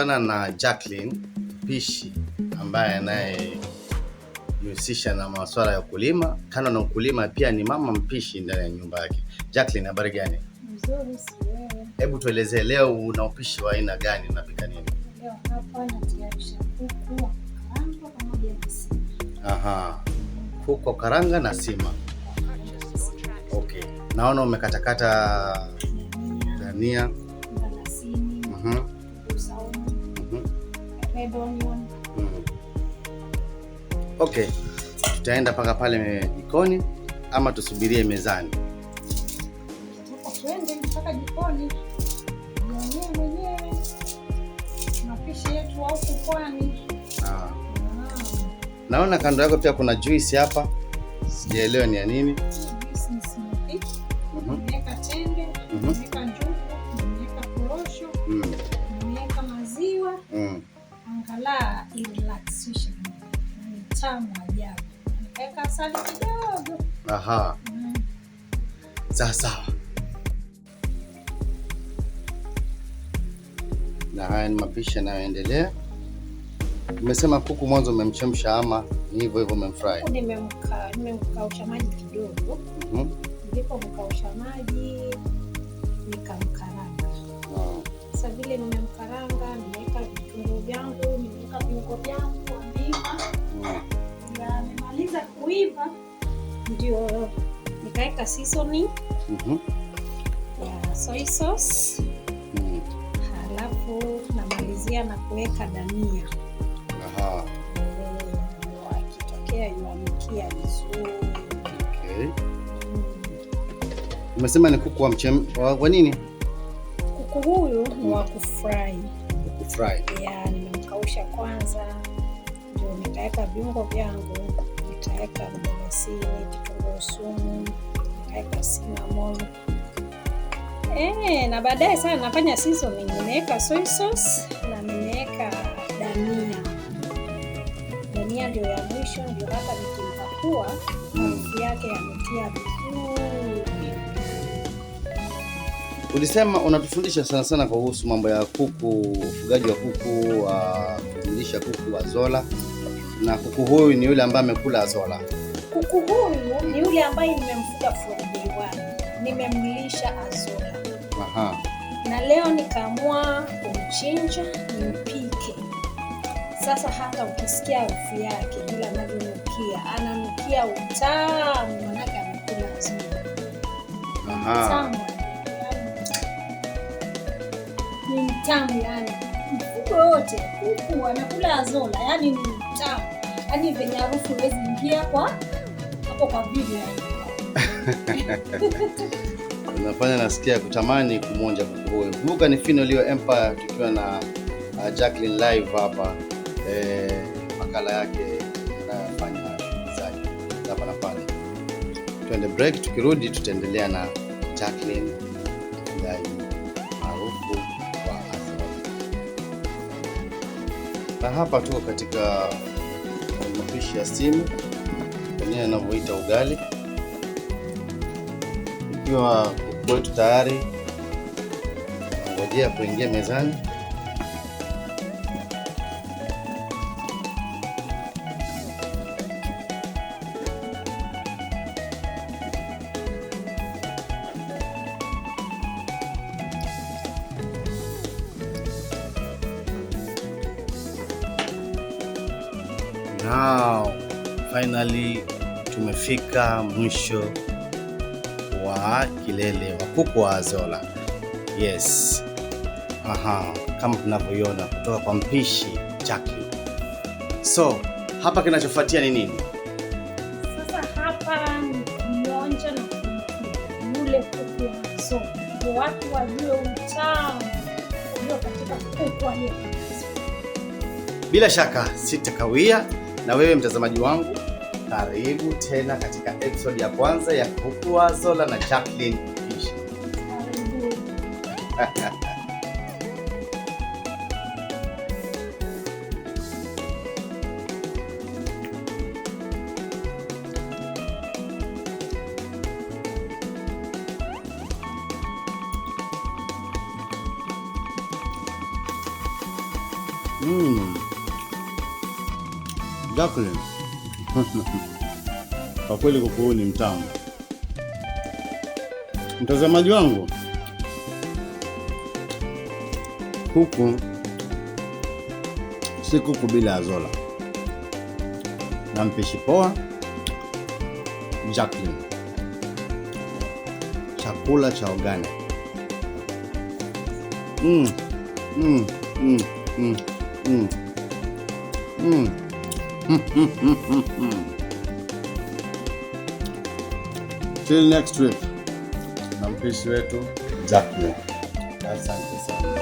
Nimekutana na Jacqueline Pishi ambaye anayejihusisha na masuala ya ukulima. Kando na ukulima, pia ni mama mpishi ndani ya nyumba yake. Jacqueline, habari gani? wewe? Hebu tuelezee, leo una upishi wa aina gani? Unapika nini? Aha, kuku karanga na sima. Okay, naona umekatakata dania Hmm. Okay. Tutaenda mpaka pale jikoni ama tusubirie mezani? mpaka jikoni mwenyewe mapishi yetu Ah. Naona kando yako pia kuna juice hapa, sijaelewa ni ya nini. Juice ni smoothie. Mhm. Weka kadhaa ni tamu ajabu. Nikaweka asali kidogo. Aha, mm. sawa sawa. Na haya ni mapishi yanayoendelea. Umesema kuku mwanzo umemchemsha ama ni hivyo hivyo umemfry? Nimemkausha maji kidogo. Mhm. mkausha maji nikamkaranga. Sasa vile nimemkaranga viungo vyangu wamima, yamemaliza mm. kuiva, ndio nikaweka seasoning mm -hmm. ya soy sauce mm. Halafu namalizia na kuweka dania Aha. akitokea yuamkia vizuri okay. Mm. Umesema ni kuku wa mchem wa nini? Kuku huyu ni wa mm. kufry. Kufry. Yeah, nitavichemsha kwanza, ndio nitaweka viungo vyangu. Nitaweka mdalasini, kitunguu sumu, nitaweka cinnamon eh, na baadaye sana nafanya seasoning. Nimeweka soy sauce na nimeweka dania. Dania ndio ya mwisho, ndio hapa nikimpakua maji yake yametia Ulisema unatufundisha sana sana kuhusu mambo ya kuku, ufugaji wa kuku, wa kumlisha kuku zola, na kuku huyu ni yule ambaye amekula zola. Kuku huyu ni yule ambaye nimemfuga nimemlisha azola. Aha. Na leo nikaamua kumchinja nimpike. Sasa hata ukisikia harufu yake bila anavyonukia, ananukia utamu, manake amekula Azolla. Aha. tamu yani, mfuko wote kuku anakula Azola yani ni mtamu, yani, venye harufu huwezi ingia kwa hapo kwa bibi unafanya nasikia kutamani kumonja kuku huyo. Kumbuka ni Finolio Empire tukiwa na uh, Jacqueline live hapa eh, makala yake anayofanya zake hapa na pale. Tuende break, tukirudi tutaendelea na Jacqueline. na hapa tuko katika mapishi ya simu wenyewe anavyoita ugali, ikiwa kwetu tayari, ngojea kuingia mezani. Now finally tumefika mwisho wa kilele wa kuku wa Azolla. Yes. Aha, kama tunavyoiona kutoka kwa mpishi Chaki. So hapa kinachofuatia ni nini? Sasa hapa ni kuonja na yule kuku wa Azolla, watu wajue utamu katika kuku aliyekaangwa. Bila shaka sitakawia. Na wewe mtazamaji wangu, karibu tena katika episode ya kwanza ya Kuku wa Zola na Jacqueline Mpishi. Mm. Jacqueline. Kwa kweli kuku huu ni mtamu. Mtazamaji wangu, kuku si kuku bila azola na mpishi poa Jacqueline, chakula cha ogani. Mm, mm, mm, mm, mm. mm, mm. Till next week na mpishi wetu Jack. Asante sana.